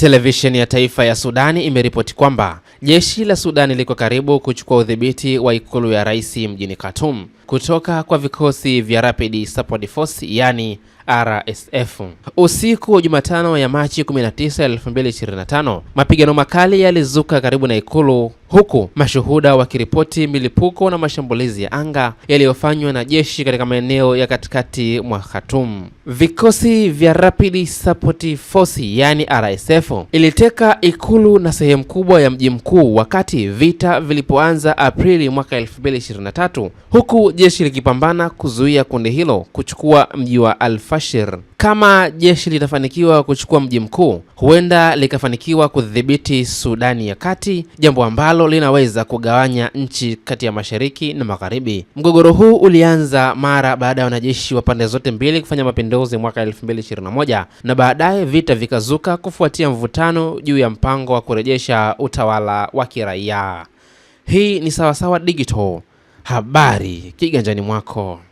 Televisheni ya taifa ya Sudani imeripoti kwamba jeshi la Sudani liko karibu kuchukua udhibiti wa ikulu ya rais mjini Khartoum kutoka kwa vikosi vya Rapid Support Force yani RSF. Usiku wa Jumatano ya Machi 19, 2025, mapigano makali yalizuka karibu na Ikulu huku mashuhuda wakiripoti milipuko na mashambulizi ya anga yaliyofanywa na jeshi katika maeneo ya katikati mwa Khartoum. Vikosi vya Rapid Support Force yani RSF iliteka Ikulu na sehemu kubwa ya mji mkuu wakati vita vilipoanza Aprili mwaka 2023, huku jeshi likipambana kuzuia kundi hilo kuchukua mji wa Alfa Bashir. Kama jeshi litafanikiwa kuchukua mji mkuu, huenda likafanikiwa kudhibiti Sudani ya Kati, jambo ambalo linaweza kugawanya nchi kati ya mashariki na magharibi. Mgogoro huu ulianza mara baada ya wanajeshi wa pande zote mbili kufanya mapinduzi mwaka 2021 na baadaye vita vikazuka kufuatia mvutano juu ya mpango wa kurejesha utawala wa kiraia. Hii ni Sawasawa Digital, habari kiganjani mwako.